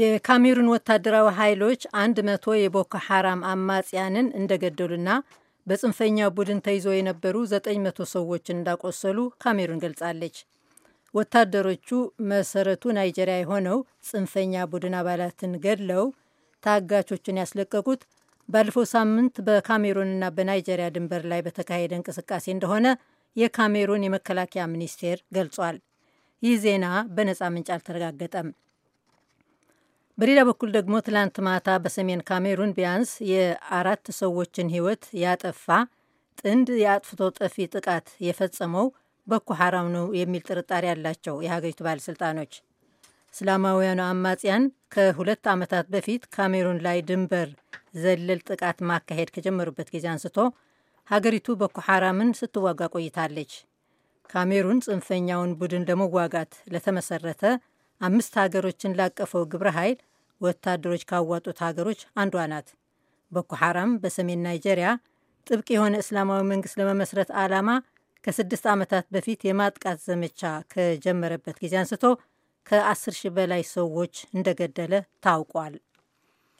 የካሜሩን ወታደራዊ ኃይሎች አንድ መቶ የቦኮ ሐራም አማጽያንን እንደገደሉና በጽንፈኛ ቡድን ተይዘው የነበሩ ዘጠኝ መቶ ሰዎችን እንዳቆሰሉ ካሜሩን ገልጻለች። ወታደሮቹ መሰረቱ ናይጄሪያ የሆነው ጽንፈኛ ቡድን አባላትን ገድለው ታጋቾችን ያስለቀቁት ባለፈው ሳምንት በካሜሩንና በናይጄሪያ ድንበር ላይ በተካሄደ እንቅስቃሴ እንደሆነ የካሜሩን የመከላከያ ሚኒስቴር ገልጿል። ይህ ዜና በነፃ ምንጭ አልተረጋገጠም። በሌላ በኩል ደግሞ ትላንት ማታ በሰሜን ካሜሩን ቢያንስ የአራት ሰዎችን ሕይወት ያጠፋ ጥንድ የአጥፍቶ ጠፊ ጥቃት የፈጸመው ቦኮ ሐራም ነው የሚል ጥርጣሬ ያላቸው የሀገሪቱ ባለሥልጣኖች እስላማውያኑ አማጽያን ከሁለት ዓመታት በፊት ካሜሩን ላይ ድንበር ዘለል ጥቃት ማካሄድ ከጀመሩበት ጊዜ አንስቶ ሀገሪቱ ቦኮ ሐራምን ስትዋጋ ቆይታለች። ካሜሩን ጽንፈኛውን ቡድን ለመዋጋት ለተመሰረተ አምስት ሀገሮችን ላቀፈው ግብረ ኃይል ወታደሮች ካዋጡት ሀገሮች አንዷ ናት። ቦኮ ሐራም በሰሜን ናይጄሪያ ጥብቅ የሆነ እስላማዊ መንግስት ለመመስረት ዓላማ ከስድስት ዓመታት በፊት የማጥቃት ዘመቻ ከጀመረበት ጊዜ አንስቶ ከ ሺህ በላይ ሰዎች እንደገደለ ታውቋል።